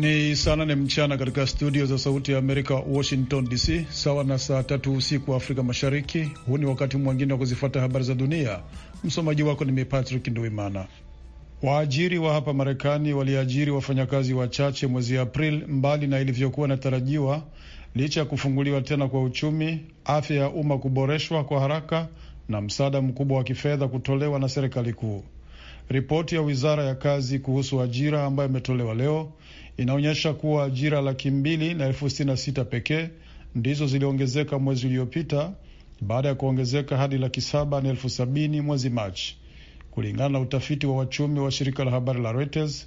Ni saa nane mchana katika studio za Sauti ya Amerika, Washington DC, sawa na saa tatu usiku wa Afrika Mashariki. Huu ni wakati mwingine wa kuzifuata habari za dunia. Msomaji wako ni mimi Patrick Nduimana. Waajiri wa hapa Marekani waliajiri wafanyakazi wachache mwezi april mbali na ilivyokuwa inatarajiwa, licha ya kufunguliwa tena kwa uchumi, afya ya umma kuboreshwa kwa haraka na msaada mkubwa wa kifedha kutolewa na serikali kuu. Ripoti ya wizara ya kazi kuhusu ajira ambayo imetolewa leo inaonyesha kuwa ajira laki mbili na elfu sitini na sita pekee ndizo ziliongezeka mwezi uliopita baada ya kuongezeka hadi laki saba na elfu sabini mwezi Machi, kulingana na utafiti wa wachumi wa shirika la habari la Reuters.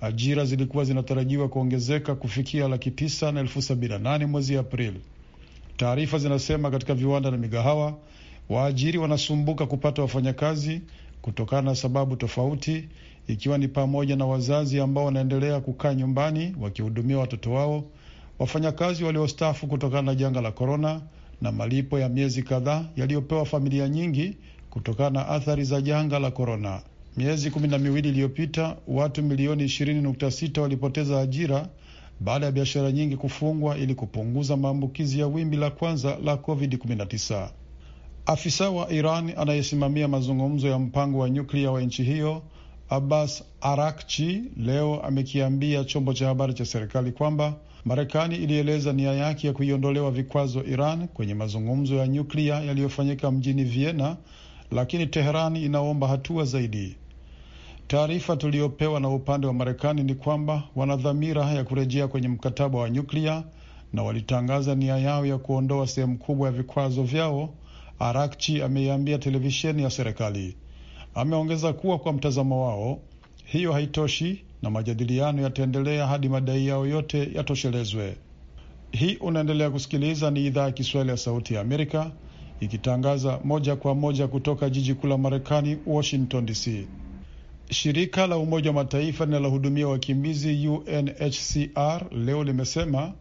Ajira zilikuwa zinatarajiwa kuongezeka kufikia laki tisa na elfu sabini na nane mwezi Aprili. Taarifa zinasema katika viwanda na migahawa, waajiri wanasumbuka kupata wafanyakazi kutokana na sababu tofauti, ikiwa ni pamoja na wazazi ambao wanaendelea kukaa nyumbani wakihudumia watoto wao, wafanyakazi waliostaafu kutokana na janga la korona, na malipo ya miezi kadhaa yaliyopewa familia nyingi kutokana na athari za janga la korona. Miezi kumi na miwili iliyopita watu milioni 20.6 walipoteza ajira baada ya biashara nyingi kufungwa ili kupunguza maambukizi ya wimbi la kwanza la COVID-19. Afisa wa Iran anayesimamia mazungumzo ya mpango wa nyuklia wa nchi hiyo Abbas Arakchi leo amekiambia chombo cha habari cha serikali kwamba Marekani ilieleza nia yake ya kuiondolewa vikwazo Iran kwenye mazungumzo ya nyuklia yaliyofanyika mjini Vienna, lakini Teheran inaomba hatua zaidi. Taarifa tuliyopewa na upande wa Marekani ni kwamba wana dhamira ya kurejea kwenye mkataba wa nyuklia na walitangaza nia yao ya kuondoa sehemu kubwa ya vikwazo vyao, Arakchi ameiambia televisheni ya serikali. Ameongeza kuwa kwa mtazamo wao hiyo haitoshi na majadiliano yataendelea hadi madai yao yote yatoshelezwe. Hii unaendelea kusikiliza, ni idhaa ya Kiswahili ya Sauti ya Amerika ikitangaza moja kwa moja kutoka jiji kuu la Marekani, Washington DC. Shirika la Umoja wa Mataifa linalohudumia wakimbizi UNHCR leo limesema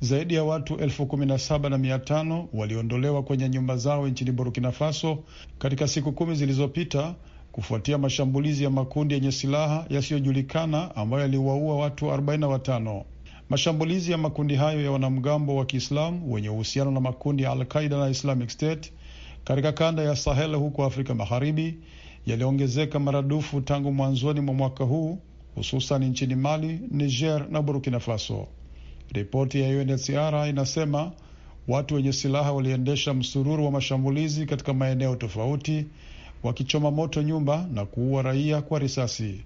zaidi ya watu elfu kumi na saba na mia tano waliondolewa kwenye nyumba zao nchini Burkina Faso katika siku kumi zilizopita kufuatia mashambulizi ya makundi yenye silaha yasiyojulikana ambayo yaliwaua watu 45. Mashambulizi ya makundi hayo ya wanamgambo wa Kiislamu wenye uhusiano na makundi ya alqaida na Islamic State katika kanda ya Sahel huko Afrika Magharibi yaliongezeka maradufu tangu mwanzoni mwa mwaka huu, hususan nchini Mali, Niger na Burkina Faso. Ripoti ya UNHCR inasema watu wenye silaha waliendesha msururu wa mashambulizi katika maeneo tofauti wakichoma moto nyumba na kuua raia kwa risasi.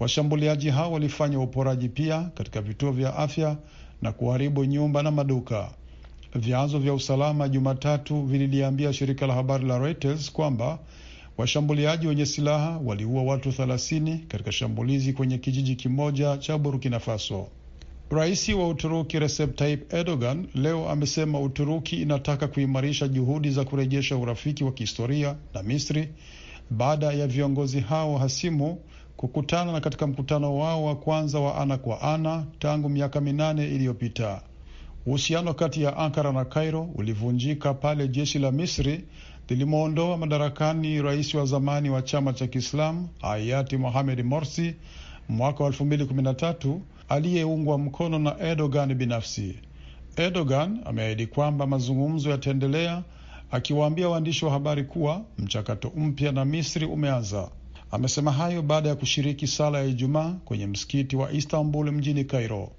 Washambuliaji hao walifanya uporaji pia katika vituo vya afya na kuharibu nyumba na maduka. Vyanzo vya usalama Jumatatu vililiambia shirika la habari la Reuters kwamba washambuliaji wenye silaha waliua watu 30 katika shambulizi kwenye kijiji kimoja cha Burkina Faso. Rais wa Uturuki Recep Tayyip Erdogan leo amesema Uturuki inataka kuimarisha juhudi za kurejesha urafiki wa kihistoria na Misri baada ya viongozi hao hasimu kukutana na katika mkutano wao wa kwanza wa ana kwa ana tangu miaka minane iliyopita. Uhusiano kati ya Ankara na Kairo ulivunjika pale jeshi la Misri lilimwondoa madarakani rais wa zamani wa chama cha Kiislamu hayati Mohamed Morsi mwaka wa aliyeungwa mkono na Erdogan binafsi. Erdogan ameahidi kwamba mazungumzo yataendelea, akiwaambia waandishi wa habari kuwa mchakato mpya na Misri umeanza. Amesema hayo baada ya kushiriki sala ya Ijumaa kwenye msikiti wa Istanbul mjini cairo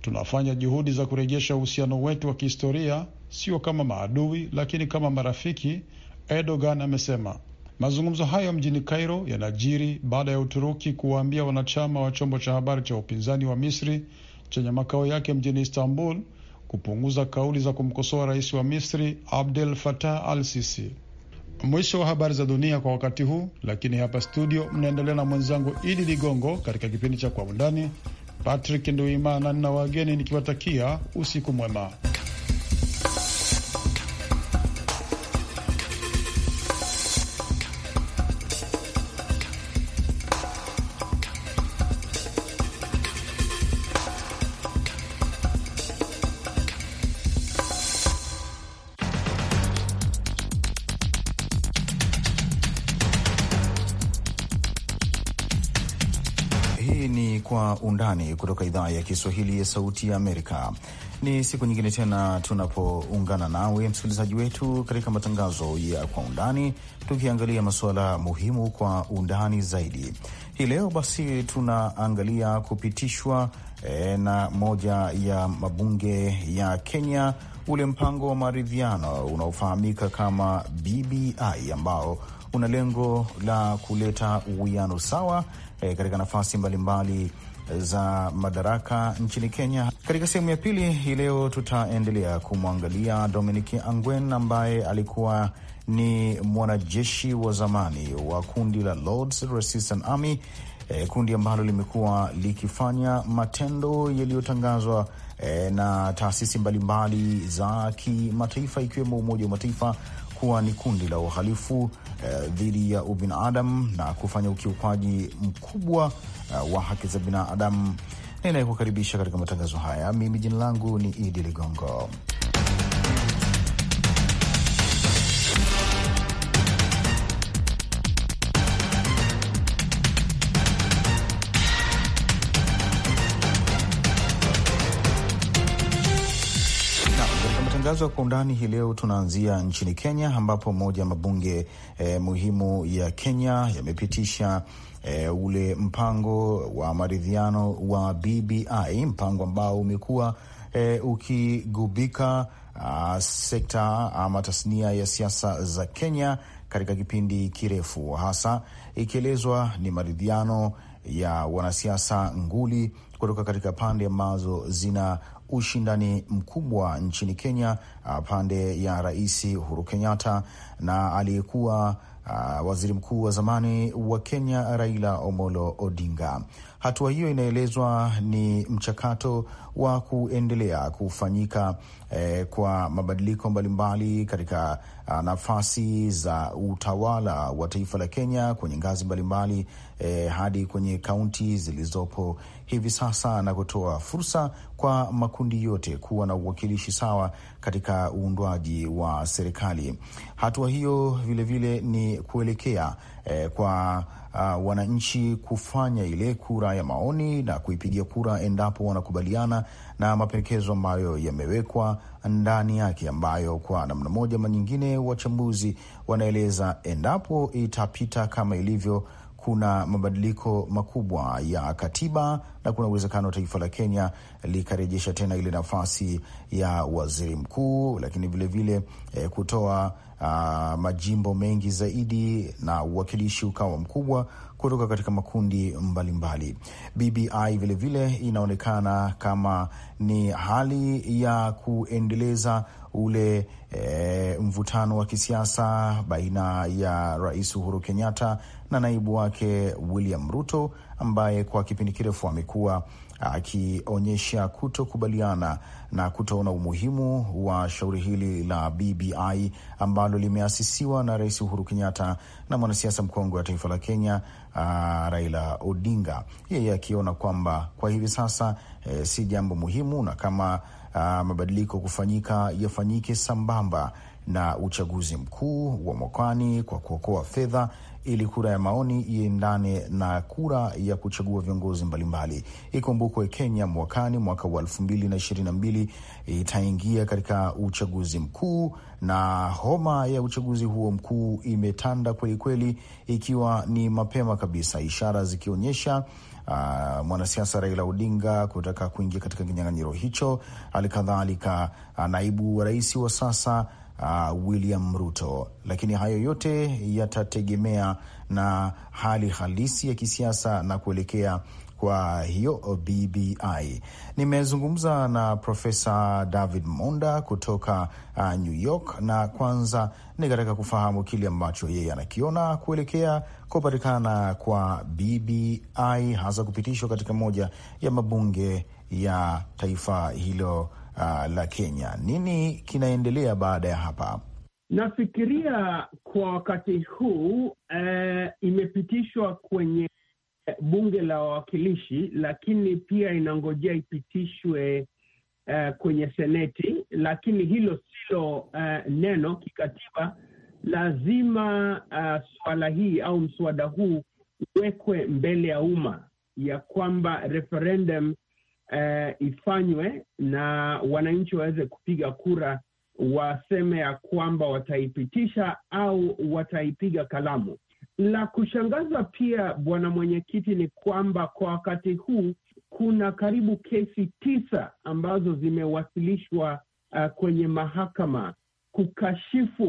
Tunafanya juhudi za kurejesha uhusiano wetu wa kihistoria, sio kama maadui, lakini kama marafiki, Erdogan amesema. Mazungumzo hayo mjini Cairo yanajiri baada ya Uturuki kuwaambia wanachama wa chombo cha habari cha upinzani wa Misri chenye makao yake mjini Istanbul kupunguza kauli za kumkosoa rais wa Misri Abdel Fattah al Sisi. Mwisho wa habari za dunia kwa wakati huu, lakini hapa studio mnaendelea na mwenzangu Idi Ligongo katika kipindi cha Kwa Undani. Patrick Nduimana na wageni nikiwatakia usiku mwema. undani kutoka idhaa ya Kiswahili ya Sauti ya Amerika. Ni siku nyingine tena tunapoungana nawe msikilizaji wetu katika matangazo ya kwa undani, tukiangalia masuala muhimu kwa undani zaidi. Hii leo basi tunaangalia kupitishwa e, na moja ya mabunge ya Kenya ule mpango wa maridhiano unaofahamika kama BBI ambao una lengo la kuleta uwiano sawa eh, katika nafasi mbalimbali za madaraka nchini Kenya. Katika sehemu ya pili hii leo tutaendelea kumwangalia Dominic Ongwen ambaye alikuwa ni mwanajeshi wa zamani wa kundi la Lords Resistance Army, eh, kundi ambalo limekuwa likifanya matendo yaliyotangazwa e, na taasisi mbalimbali za kimataifa ikiwemo Umoja wa Mataifa kuwa ni kundi la uhalifu e, dhidi ya ubinadamu na kufanya ukiukwaji mkubwa e, wa haki za binadamu. Ninayekukaribisha katika matangazo haya mimi, jina langu ni Idi Ligongo. matangazo ya kwa undani hii leo tunaanzia nchini Kenya, ambapo moja ya mabunge eh, muhimu ya Kenya yamepitisha eh, ule mpango wa maridhiano wa BBI, mpango ambao umekuwa eh, ukigubika ah, sekta ama tasnia ya siasa za Kenya katika kipindi kirefu, hasa ikielezwa ni maridhiano ya wanasiasa nguli kutoka katika pande ambazo zina ushindani mkubwa nchini Kenya uh, pande ya Rais Uhuru Kenyatta na aliyekuwa uh, waziri mkuu wa zamani wa Kenya Raila Omolo Odinga. Hatua hiyo inaelezwa ni mchakato wa kuendelea kufanyika eh, kwa mabadiliko mbalimbali katika ah, nafasi za utawala wa taifa la Kenya kwenye ngazi mbalimbali eh, hadi kwenye kaunti zilizopo hivi sasa na kutoa fursa kwa makundi yote kuwa na uwakilishi sawa katika uundwaji wa serikali. Hatua hiyo vilevile vile ni kuelekea eh, kwa uh, wananchi kufanya ile kura ya maoni na kuipigia kura endapo wanakubaliana na mapendekezo ambayo yamewekwa ndani yake, ambayo kwa namna moja ama nyingine wachambuzi wanaeleza endapo itapita kama ilivyo kuna mabadiliko makubwa ya katiba na kuna uwezekano wa taifa la Kenya likarejesha tena ile nafasi ya waziri mkuu, lakini vilevile eh, kutoa Uh, majimbo mengi zaidi na uwakilishi ukawa mkubwa kutoka katika makundi mbalimbali mbali. BBI vilevile vile inaonekana kama ni hali ya kuendeleza ule e, mvutano wa kisiasa baina ya Rais Uhuru Kenyatta na naibu wake William Ruto ambaye kwa kipindi kirefu amekuwa akionyesha kutokubaliana na kutoona umuhimu wa shauri hili la BBI ambalo limeasisiwa na Rais Uhuru Kenyatta na mwanasiasa mkongwe wa taifa la Kenya uh, Raila Odinga, yeye akiona kwamba kwa hivi sasa eh, si jambo muhimu na kama uh, mabadiliko kufanyika yafanyike sambamba na uchaguzi mkuu wa mwakani kwa kuokoa fedha ili kura ya maoni iendane na kura ya kuchagua viongozi mbalimbali. Ikumbukwe Kenya mwakani, mwaka wa elfu mbili na ishirini na mbili itaingia katika uchaguzi mkuu, na homa ya uchaguzi huo mkuu imetanda kwelikweli, ikiwa ni mapema kabisa, ishara zikionyesha Uh, mwanasiasa Raila Odinga kutaka kuingia katika kinyang'anyiro hicho, hali kadhalika uh, naibu wa rais wa sasa uh, William Ruto. Lakini hayo yote yatategemea na hali halisi ya kisiasa na kuelekea kwa hiyo BBI. Nimezungumza na Profesa David Monda kutoka uh, New York, na kwanza nikataka kufahamu kile ambacho yeye anakiona kuelekea kupatikana kwa BBI, hasa kupitishwa katika moja ya mabunge ya taifa hilo uh, la Kenya. Nini kinaendelea baada ya hapa? Nafikiria kwa wakati huu eh, imepitishwa kwenye bunge la wawakilishi, lakini pia inangojea ipitishwe eh, kwenye seneti, lakini hilo silo eh, neno kikatiba. Lazima uh, eh, suala hii au mswada huu uwekwe mbele ya umma ya kwamba referendum eh, ifanywe na wananchi waweze kupiga kura, waseme ya kwamba wataipitisha au wataipiga kalamu. La kushangaza pia, bwana mwenyekiti, ni kwamba kwa wakati huu kuna karibu kesi tisa ambazo zimewasilishwa uh, kwenye mahakama kukashifu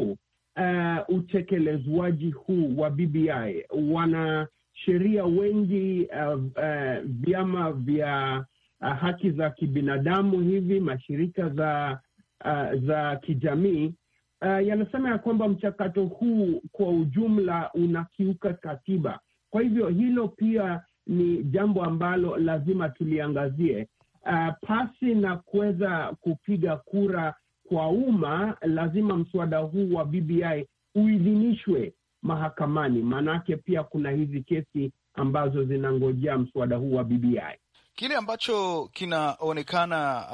uh, utekelezwaji huu wa BBI. Wanasheria wengi uh, uh, vyama vya Ah, haki za kibinadamu hivi mashirika za uh, za kijamii uh, yanasema ya kwamba mchakato huu kwa ujumla unakiuka katiba. Kwa hivyo hilo pia ni jambo ambalo lazima tuliangazie. Uh, pasi na kuweza kupiga kura kwa umma, lazima mswada huu wa BBI uidhinishwe mahakamani, maanake pia kuna hizi kesi ambazo zinangojea mswada huu wa BBI. Kile ambacho kinaonekana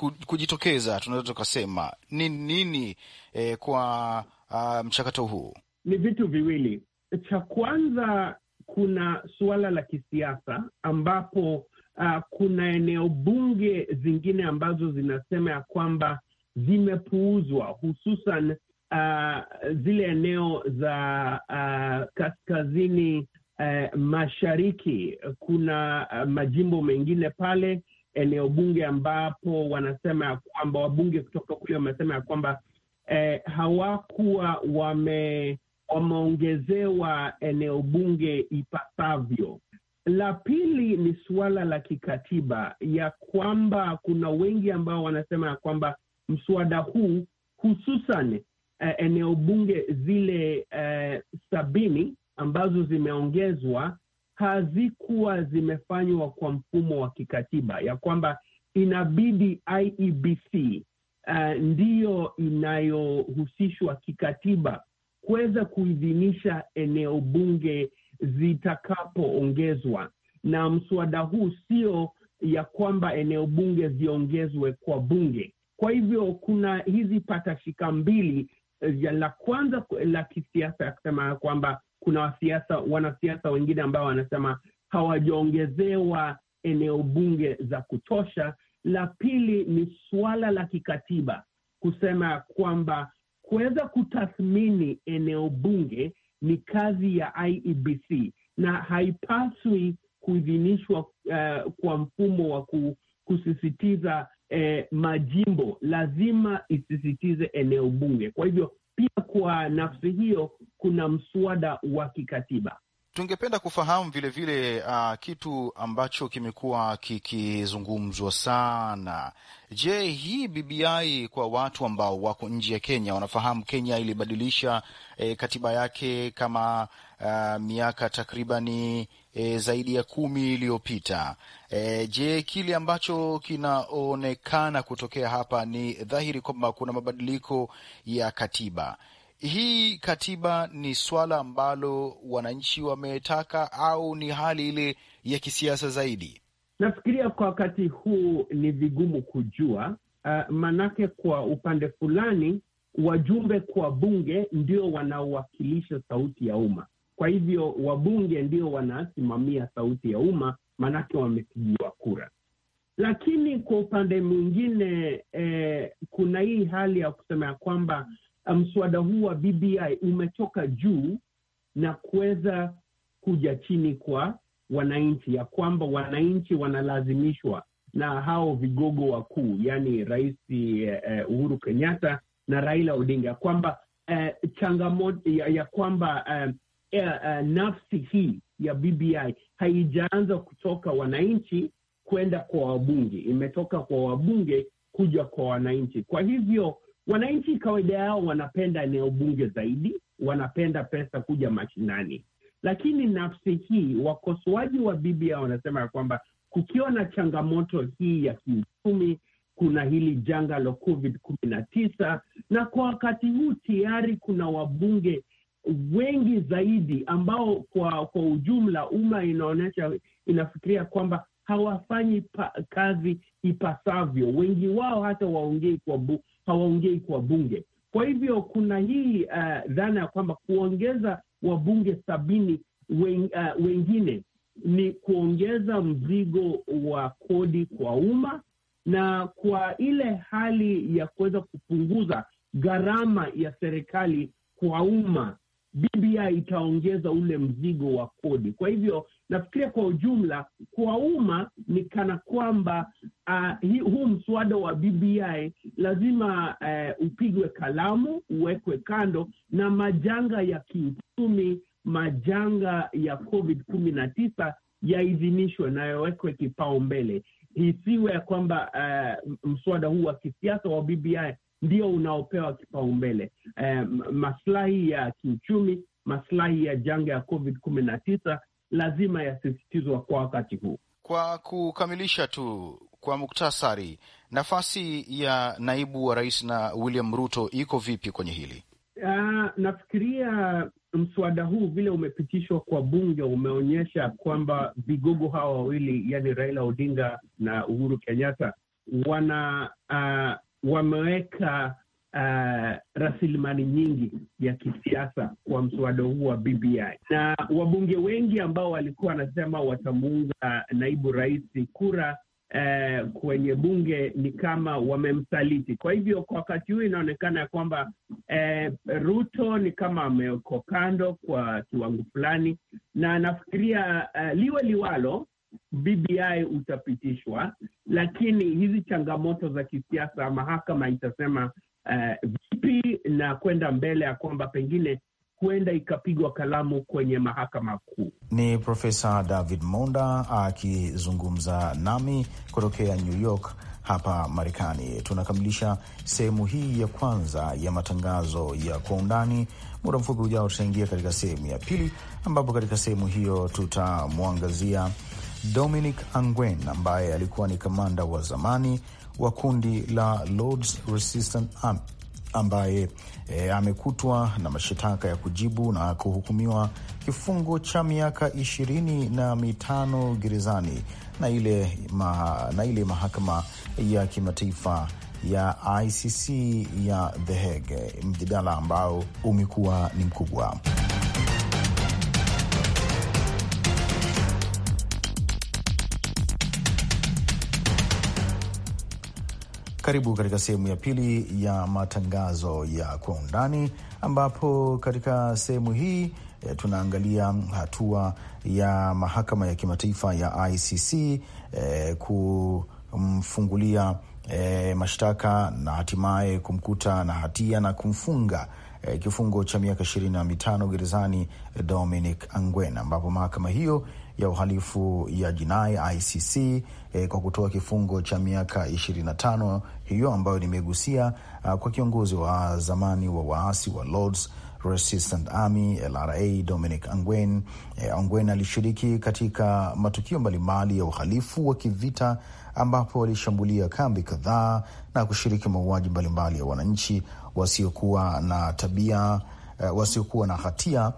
uh, kujitokeza tunaweza tukasema ni nini eh, kwa uh, mchakato huu ni vitu viwili. Cha kwanza kuna suala la kisiasa ambapo uh, kuna eneo bunge zingine ambazo zinasema ya kwamba zimepuuzwa hususan uh, zile eneo za uh, kaskazini Eh, mashariki kuna eh, majimbo mengine pale eneo bunge ambapo wanasema ya kwamba wabunge kutoka kule wamesema ya kwamba eh, hawakuwa wame wameongezewa eneo bunge ipasavyo. La pili ni suala la kikatiba ya kwamba kuna wengi ambao wanasema ya kwamba mswada huu hususan eh, eneo bunge zile eh, sabini ambazo zimeongezwa hazikuwa zimefanywa kwa mfumo wa kikatiba, ya kwamba inabidi IEBC uh, ndiyo inayohusishwa kikatiba kuweza kuidhinisha eneo bunge zitakapoongezwa. Na mswada huu sio ya kwamba eneo bunge ziongezwe kwa bunge. Kwa hivyo kuna hizi patashika mbili, eh, la kwanza la kisiasa ya kusema kwamba kuna wasiasa wanasiasa wengine ambao wanasema hawajaongezewa eneo bunge za kutosha. La pili ni suala la kikatiba kusema kwamba kuweza kutathmini eneo bunge ni kazi ya IEBC na haipaswi kuidhinishwa uh, kwa mfumo wa kusisitiza uh, majimbo, lazima isisitize eneo bunge. Kwa hivyo pia kwa nafsi hiyo kuna mswada wa kikatiba Tungependa kufahamu vilevile vile, uh, kitu ambacho kimekuwa kikizungumzwa sana. Je, hii BBI kwa watu ambao wako nje ya Kenya, wanafahamu Kenya ilibadilisha eh, katiba yake kama uh, miaka takribani E, eh, zaidi ya kumi iliyopita. E, je, kile ambacho kinaonekana kutokea hapa ni dhahiri kwamba kuna mabadiliko ya katiba. Hii katiba ni swala ambalo wananchi wametaka au ni hali ile ya kisiasa zaidi? Nafikiria kwa wakati huu ni vigumu kujua. Uh, eh, maanake kwa upande fulani wajumbe kwa bunge ndio wanaowakilisha sauti ya umma, kwa hivyo wabunge ndio wanasimamia sauti ya umma, maanake wamepigiwa kura. Lakini kwa upande mwingine eh, kuna hii hali ya kusema ya kwamba Ah, mswada huu wa BBI umetoka juu na kuweza kuja chini kwa wananchi, ya kwamba wananchi wanalazimishwa na hao vigogo wakuu, yaani Rais uh, Uhuru Kenyatta na Raila Odinga kwamba uh, changamoto ya, ya kwamba uh, uh, nafsi hii ya BBI haijaanza kutoka wananchi kwenda kwa wabunge, imetoka kwa wabunge kuja kwa wananchi. Kwa hivyo Wananchi kawaida yao wanapenda eneo bunge zaidi, wanapenda pesa kuja mashinani, lakini nafsi hii, wakosoaji wa BBI wanasema ya kwamba kukiwa na changamoto hii ya kiuchumi, kuna hili janga la COVID kumi na tisa, na kwa wakati huu tayari kuna wabunge wengi zaidi ambao kwa kwa ujumla umma inaonyesha inafikiria kwamba hawafanyi pa, kazi ipasavyo. Wengi wao hata waongei kwa bu, hawaongei kwa bunge. Kwa hivyo kuna hii uh, dhana ya kwamba kuongeza wabunge sabini wen, uh, wengine ni kuongeza mzigo wa kodi kwa umma na kwa ile hali ya kuweza kupunguza gharama ya serikali kwa umma, BBI itaongeza ule mzigo wa kodi. Kwa hivyo nafikiria kwa ujumla kwa umma ni kana kwamba uh, huu mswada wa BBI lazima uh, upigwe kalamu, uwekwe kando na majanga ya kiuchumi, majanga ya COVID kumi na tisa yaidhinishwe na yawekwe kipaumbele. Isiwe ya kwamba uh, mswada huu wa kisiasa wa BBI ndio unaopewa kipaumbele. uh, maslahi ya kiuchumi, maslahi ya janga ya COVID kumi na tisa lazima yasisitizwa kwa wakati huu. Kwa kukamilisha tu kwa muktasari, nafasi ya naibu wa rais na William Ruto iko vipi kwenye hili? Uh, nafikiria mswada huu vile umepitishwa kwa bunge umeonyesha kwamba vigogo hawa wawili, yani Raila Odinga na Uhuru Kenyatta, wana uh, wameweka uh, rasilimali nyingi ya kisiasa kwa mswada huu wa BBI, na wabunge wengi ambao walikuwa wanasema watamuunga naibu rais kura uh, kwenye bunge ni kama wamemsaliti. Kwa hivyo kwa wakati huu inaonekana ya kwamba uh, Ruto ni kama amewekwa kando kwa kiwango fulani, na nafikiria uh, liwe liwalo, BBI utapitishwa, lakini hizi changamoto za kisiasa mahakama itasema Eh, vipi uh, na kwenda mbele ya kwamba pengine huenda ikapigwa kalamu kwenye mahakama kuu. Ni Profesa David Monda akizungumza nami kutokea New York hapa Marekani. Tunakamilisha sehemu hii ya kwanza ya matangazo ya kwa undani. Muda mfupi ujao, tutaingia katika sehemu ya pili, ambapo katika sehemu hiyo tutamwangazia Dominic Ongwen ambaye alikuwa ni kamanda wa zamani wa kundi la Lords Resistance Army ambaye e, amekutwa na mashitaka ya kujibu na kuhukumiwa kifungo cha miaka ishirini na mitano gerezani na ile, ma, na ile mahakama ya kimataifa ya ICC ya The Hague, mjadala ambao umekuwa ni mkubwa. Karibu katika sehemu ya pili ya matangazo ya kwa undani, ambapo katika sehemu hii e, tunaangalia hatua ya mahakama ya kimataifa ya ICC e, eh, kumfungulia e, mashtaka na hatimaye kumkuta na hatia na kumfunga e, kifungo cha miaka ishirini na mitano gerezani Dominic angwen ambapo mahakama hiyo ya uhalifu ya jinai ICC eh, kwa kutoa kifungo cha miaka 25 hiyo ambayo nimegusia uh, kwa kiongozi wa zamani wa waasi wa Lords Resistance Army LRA Dominic Ongwen. Eh, Ongwen alishiriki katika matukio mbalimbali ya uhalifu wa kivita ambapo alishambulia kambi kadhaa na kushiriki mauaji mbalimbali ya wananchi wasiokuwa na tabia uh, wasiokuwa na hatia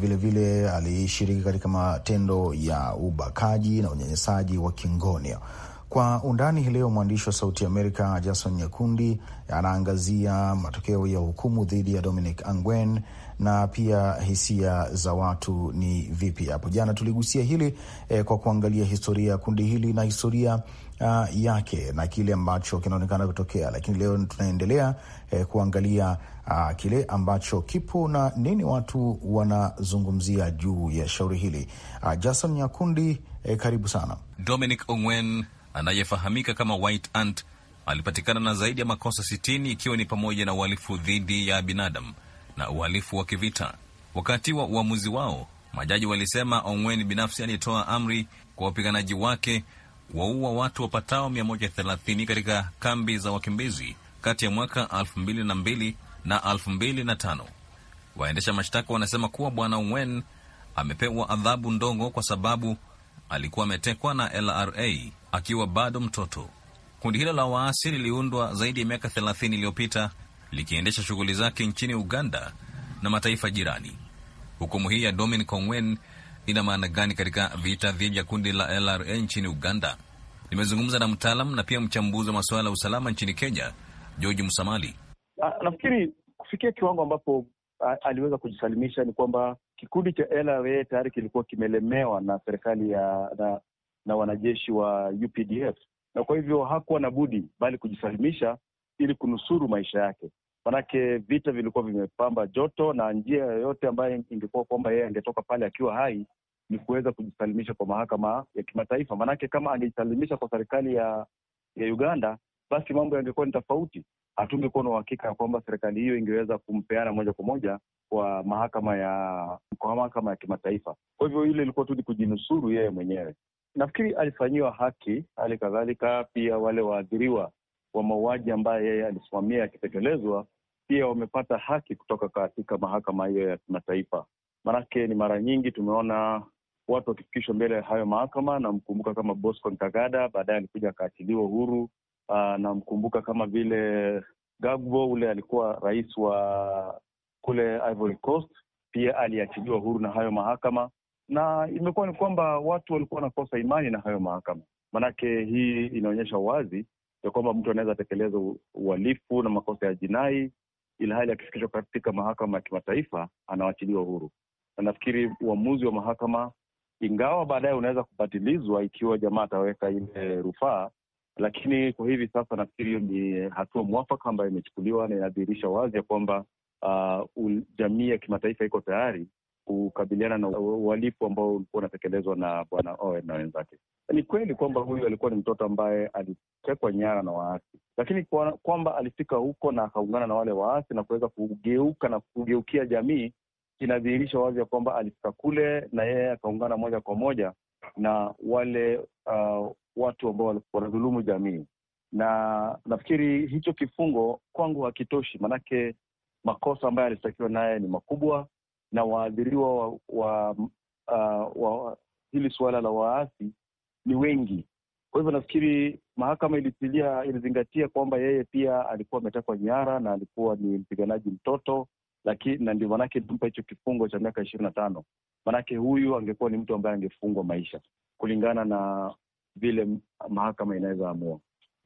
vilevile. Eh, vile alishiriki katika matendo ya ubakaji na unyanyasaji wa kingono. Kwa undani hii leo, mwandishi wa Sauti ya Amerika Jason Nyakundi anaangazia matokeo ya hukumu dhidi ya Dominic Ongwen na pia hisia za watu ni vipi. Hapo jana tuligusia hili eh, kwa kuangalia historia ya kundi hili na historia uh, yake na kile ambacho kinaonekana kutokea, lakini leo tunaendelea eh, kuangalia uh, kile ambacho kipo na nini watu wanazungumzia juu ya shauri hili. Uh, Jason Nyakundi, eh, karibu sana. Dominic Ongwen anayefahamika kama White Ant alipatikana na zaidi ya makosa 60 ikiwa ni pamoja na uhalifu dhidi ya binadamu na uhalifu wa kivita. Wakati wa uamuzi wao, majaji walisema Ongwen binafsi alitoa amri kwa wapiganaji wake waua watu wapatao 130 katika kambi za wakimbizi kati ya mwaka 2002 na 2005. Waendesha mashtaka wanasema kuwa bwana Ongwen amepewa adhabu ndogo kwa sababu alikuwa ametekwa na LRA akiwa bado mtoto. Kundi hilo la waasi liliundwa zaidi ya miaka 30 iliyopita likiendesha shughuli zake nchini Uganda na mataifa jirani. Hukumu hii ya Dominic Ongwen ina maana gani katika vita dhidi ya kundi la LRA nchini Uganda? Nimezungumza na mtaalam na pia mchambuzi wa masuala ya usalama nchini Kenya, George msamali ah, Nafikiri kufikia kiwango ambapo ah, aliweza kujisalimisha ni kwamba kikundi cha LRA tayari kilikuwa kimelemewa na serikali ya na na wanajeshi wa UPDF, na kwa hivyo hakuwa na budi bali kujisalimisha ili kunusuru maisha yake, manake vita vilikuwa vimepamba joto, na njia yoyote ambayo ingekuwa kwamba yeye angetoka pale akiwa hai ni kuweza kujisalimisha kwa mahakama ya kimataifa, manake kama angejisalimisha kwa serikali ya ya Uganda basi mambo yangekuwa ni tofauti. Hatungekuwa na uhakika ya kwamba serikali hiyo ingeweza kumpeana moja kwa moja kwa mahakama ya kwa mahakama ya kimataifa. Kwa hivyo ile ilikuwa tu ni kujinusuru yeye mwenyewe. Nafikiri alifanyiwa haki. Hali kadhalika pia wale waadhiriwa wa mauaji ambaye yeye alisimamia yakitekelezwa pia wamepata haki kutoka katika mahakama hiyo ya kimataifa. Maanake ni mara nyingi tumeona watu wakifikishwa mbele ya hayo mahakama. Namkumbuka kama Bosco Ntagada, baadaye alikuja akaachiliwa uhuru. Ah, namkumbuka kama vile Gbagbo, ule alikuwa rais wa kule Ivory Coast, pia aliachiliwa uhuru na hayo mahakama na imekuwa ni kwamba watu walikuwa wanakosa imani na hayo mahakama. Maanake hii inaonyesha wazi ya kwamba mtu anaweza tekeleza uhalifu na makosa ya jinai, ila hali akifikishwa katika mahakama ya kimataifa anawachiliwa huru. Na nafikiri uamuzi wa mahakama, ingawa baadaye unaweza kubatilizwa ikiwa jamaa ataweka ile rufaa, lakini kwa hivi sasa nafikiri ni hatua mwafaka ambayo imechukuliwa na inadhihirisha wazi ya kwamba uh, jamii ya kimataifa iko tayari kukabiliana na uhalifu ambao ulikuwa unatekelezwa na Bwana Owen na wenzake. Ni kweli kwamba huyu alikuwa ni mtoto ambaye alitekwa nyara na waasi, lakini kwamba alifika huko na akaungana na wale waasi na kuweza kugeuka na kugeukia jamii inadhihirisha wazi ya kwamba alifika kule na yeye akaungana moja kwa moja na wale uh, watu ambao wanadhulumu jamii, na nafikiri hicho kifungo kwangu hakitoshi, maanake makosa ambayo alistakiwa naye ni makubwa na waadhiriwa wa, wa, wa, uh, wa hili suala la waasi ni wengi. Kwa hivyo nafikiri mahakama ilitilia, ilizingatia kwamba yeye pia alikuwa ametekwa nyara na alikuwa ni mpiganaji mtoto, lakini na ndio maanake ilimpa hicho kifungo cha miaka ishirini na tano. Maanake huyu angekuwa ni mtu ambaye angefungwa maisha kulingana na vile mahakama inaweza amua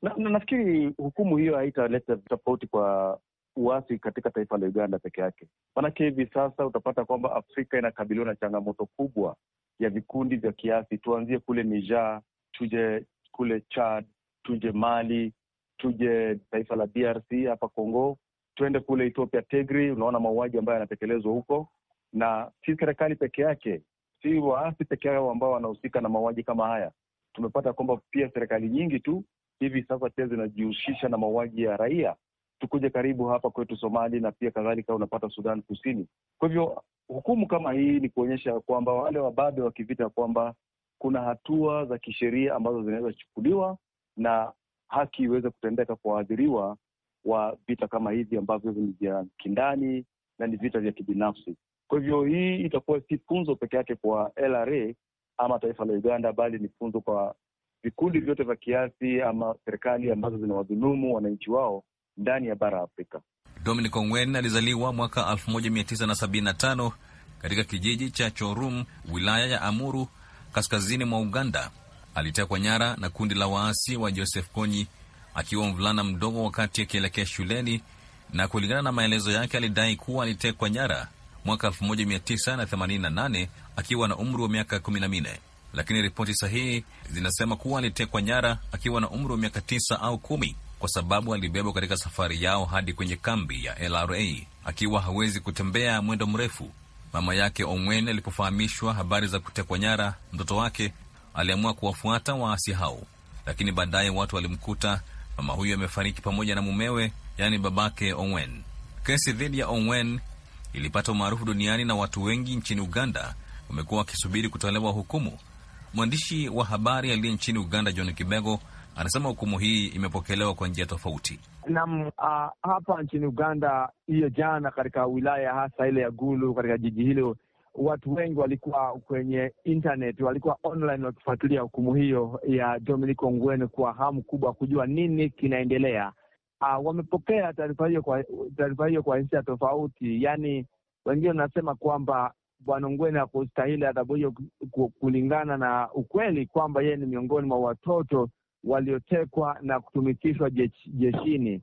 na, na nafikiri hukumu hiyo haitaleta tofauti kwa uasi katika taifa la Uganda peke yake, maanake hivi sasa utapata kwamba Afrika inakabiliwa na changamoto kubwa ya vikundi vya kiasi. Tuanzie kule Niger, tuje kule Chad, tuje Mali, tuje taifa la DRC hapa Congo, tuende kule Ethiopia Tigray. Unaona mauaji ambayo yanatekelezwa huko, na si serikali peke yake, si waasi peke yao ambao wanahusika na mauaji kama haya. Tumepata kwamba pia serikali nyingi tu hivi sasa pia zinajihusisha na mauaji ya raia tukuje karibu hapa kwetu Somali na pia kadhalika unapata Sudan Kusini. Kwa hivyo hukumu kama hii ni kuonyesha kwamba wale wababe wa kivita kwamba kuna hatua za kisheria ambazo zinaweza chukuliwa na haki iweze kutendeka kwa waadhiriwa wa vita kama hivi ambavyo ni vya kindani na ni vita vya kibinafsi. Kwa hivyo hii itakuwa si funzo peke yake kwa LRA ama taifa la Uganda, bali ni funzo kwa vikundi vyote vya kiasi ama serikali ambazo zinawadhulumu wananchi wao ndani ya bara Afrika. Dominic Ongwen alizaliwa mwaka 1975 katika kijiji cha Chorum, wilaya ya Amuru, kaskazini mwa Uganda. Alitekwa nyara na kundi la waasi wa Joseph Konyi akiwa mvulana mdogo wakati akielekea shuleni, na kulingana na maelezo yake, alidai kuwa alitekwa nyara mwaka 1988 akiwa na umri wa miaka 14, lakini ripoti sahihi zinasema kuwa alitekwa nyara akiwa na umri wa miaka 9 au kumi kwa sababu alibebwa katika safari yao hadi kwenye kambi ya LRA akiwa hawezi kutembea mwendo mrefu. Mama yake Ongwen alipofahamishwa habari za kutekwa nyara mtoto wake, aliamua kuwafuata waasi hao, lakini baadaye watu walimkuta mama huyo amefariki pamoja na mumewe, yaani babake Ongwen. Kesi dhidi ya Ongwen ilipata umaarufu duniani na watu wengi nchini Uganda wamekuwa wakisubiri kutolewa hukumu. Mwandishi wa habari aliye nchini Uganda John Kibego Anasema hukumu hii imepokelewa kwa njia tofauti. Naam, uh, hapa nchini Uganda hiyo jana, katika wilaya hasa ile ya Gulu, katika jiji hilo, watu wengi walikuwa kwenye internet, walikuwa online wakifuatilia hukumu hiyo ya Dominic Ongwen kwa hamu kubwa kujua nini kinaendelea. Uh, wamepokea taarifa hiyo kwa taarifa hiyo kwa hisia tofauti, yaani wengine wanasema kwamba Bwana Ongwen hakustahili adhabu hiyo kulingana na ukweli kwamba yeye ni miongoni mwa watoto waliotekwa na kutumikishwa jeshini.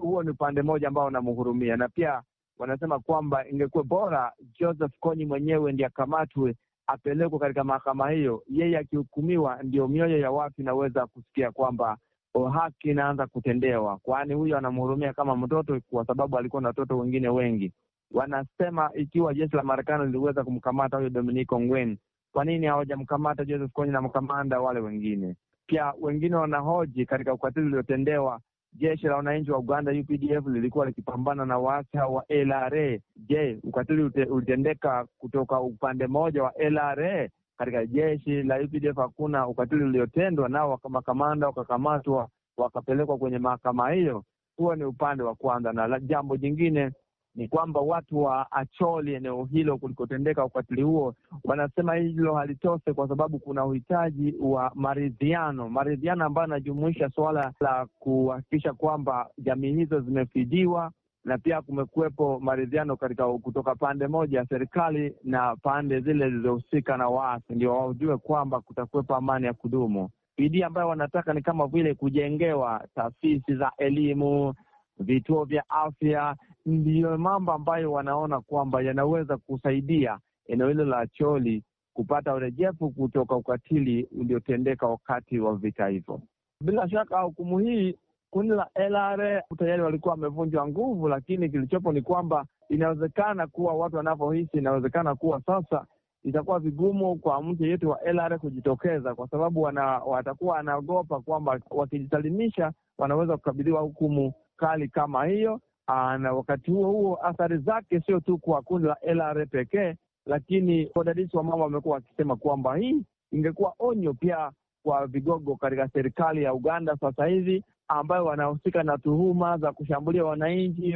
Huo ni upande mmoja ambao wanamhurumia, na pia wanasema kwamba ingekuwa bora Joseph Kony mwenyewe ndiye akamatwe apelekwe katika mahakama hiyo. Yeye akihukumiwa, ndio mioyo ya watu inaweza kusikia kwamba oh, haki inaanza kutendewa, kwani huyo anamhurumia kama mtoto, kwa sababu alikuwa na watoto wengine wengi. Wanasema ikiwa jeshi la Marekani liliweza kumkamata huyo Dominico Ngwen, kwa nini hawajamkamata Joseph Kony na mkamanda wale wengine? Pia wengine wanahoji katika ukatili uliotendewa jeshi la wananchi wa Uganda UPDF lilikuwa likipambana na waasi wa LRA. Je, ukatili ulitendeka kutoka upande mmoja wa LRA katika jeshi la UPDF? Hakuna ukatili uliotendwa nao, makamanda wakakamatwa wakapelekwa kwenye mahakama hiyo. Huo ni upande wa kwanza, na jambo jingine ni kwamba watu wa Acholi, eneo hilo kulikotendeka ukatili huo, wanasema hilo halitoshe, kwa sababu kuna uhitaji wa maridhiano, maridhiano ambayo anajumuisha suala la kuhakikisha kwamba jamii hizo zimefidiwa na pia kumekuwepo maridhiano katika kutoka pande moja ya serikali na pande zile zilizohusika na waasi, ndio wajue kwamba kutakuwepo amani ya kudumu. bidii ambayo wanataka ni kama vile kujengewa taasisi za elimu, vituo vya afya ndiyo mambo ambayo wanaona kwamba yanaweza kusaidia eneo hilo la choli kupata urejefu kutoka ukatili uliotendeka wakati wa vita hivyo. Bila shaka hukumu hii kundi la LRA tayari walikuwa wamevunjwa nguvu, lakini kilichopo ni kwamba inawezekana kuwa watu wanavyohisi, inawezekana kuwa sasa itakuwa vigumu kwa mtu yeyote wa LRA kujitokeza, kwa sababu wana, watakuwa wanaogopa kwamba wakijisalimisha wanaweza kukabiliwa hukumu kali kama hiyo, Ah, na wakati huo huo athari zake sio tu kwa kundi la LRA pekee, lakini wadadisi wa mambo wamekuwa wakisema kwamba hii ingekuwa onyo pia kwa vigogo katika serikali ya Uganda sasa hivi ambayo wanahusika na tuhuma za kushambulia wananchi,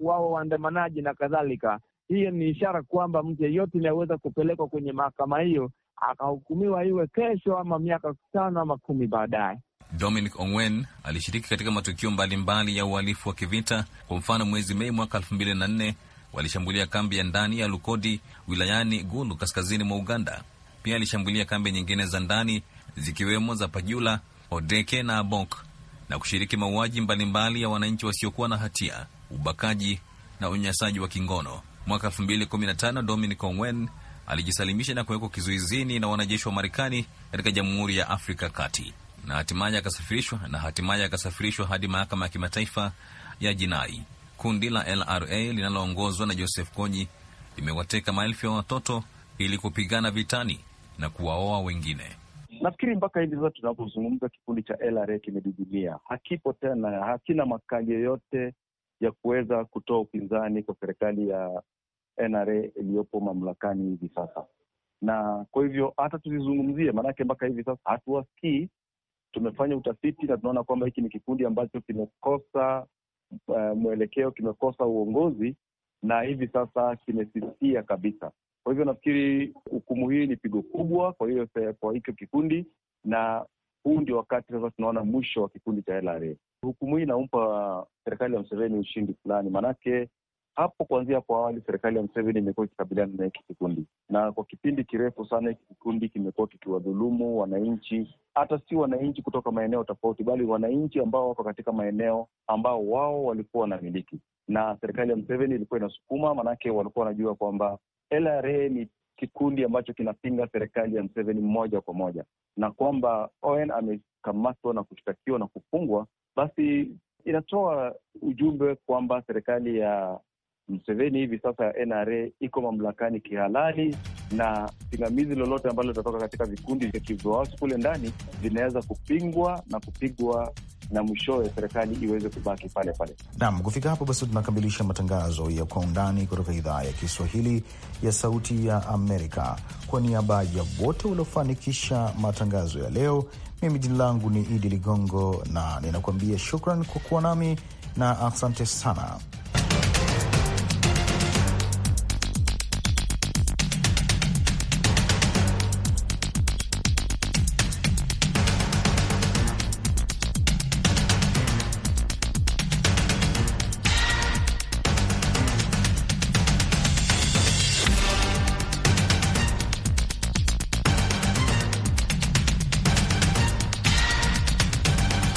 wao waandamanaji na kadhalika. Hiyo ni ishara kwamba mtu yeyote inaweza kupelekwa kwenye mahakama hiyo akahukumiwa, iwe kesho ama miaka tano ama kumi baadaye. Dominic Ongwen alishiriki katika matukio mbalimbali mbali ya uhalifu wa kivita. Kwa mfano, mwezi Mei mwaka nne walishambulia kambi ya ndani ya Lukodi wilayani Gulu, kaskazini mwa Uganda. Pia alishambulia kambi nyingine za ndani zikiwemo za Pajula, Odeke na Abok na kushiriki mauaji mbalimbali ya wananchi wasiokuwa na hatia, ubakaji na unyanyasaji wa kingono. Mwaka tano Dominic Ongwen alijisalimisha na kuwekwa kizuizini na wanajeshi wa Marekani katika Jamhuri ya Afrika Kati na hatimaye akasafirishwa na hatimaye akasafirishwa hadi mahakama ya kimataifa ya jinai. Kundi la LRA linaloongozwa na Joseph Kony limewateka maelfu ya watoto ili kupigana vitani na kuwaoa wengine. Nafikiri mpaka hivi sasa tunapozungumza, kikundi cha LRA kimedidimia, hakipo tena, hakina makali yoyote ya kuweza kutoa upinzani kwa serikali ya NRA iliyopo mamlakani hivi sasa, na kwa hivyo hata tuzizungumzie, maanake mpaka hivi sasa hatuwasikii tumefanya utafiti na tunaona kwamba hiki ni kikundi ambacho kimekosa uh, mwelekeo, kimekosa uongozi na hivi sasa kimesisia kabisa. Kwa hivyo nafikiri hukumu hii ni pigo kubwa kwa hiyo kwa hicho kikundi, na huu ndio wakati sasa tunaona mwisho wa kikundi cha LRA. Hukumu hii inampa serikali ya mseveni ushindi fulani, maanake hapo kuanzia kwa awali, serikali ya mseveni imekuwa ikikabiliana na hiki kikundi, na kwa kipindi kirefu sana hiki kikundi kimekuwa kikiwadhulumu wananchi, hata si wananchi kutoka maeneo tofauti, bali wananchi ambao wako katika maeneo ambao wao walikuwa wanamiliki, na serikali ya mseveni ilikuwa inasukuma, maanake walikuwa wanajua kwamba LRA ni kikundi ambacho kinapinga serikali ya mseveni moja kwa moja, na kwamba Owen amekamatwa na kushtakiwa na kufungwa, basi inatoa ujumbe kwamba serikali ya Mseveni hivi sasa NRA iko mamlakani kihalali, na pingamizi lolote ambalo litatoka katika vikundi vya kivoasi kule ndani vinaweza kupingwa na kupigwa na mwishowe serikali iweze kubaki pale pale. Naam, kufika hapo basi tunakamilisha matangazo ya Kwa Undani kutoka idhaa ya Kiswahili ya Sauti ya Amerika. Kwa niaba ya wote waliofanikisha matangazo ya leo, mimi jina langu ni Idi Ligongo na ninakuambia shukran kwa kuwa nami na asante sana.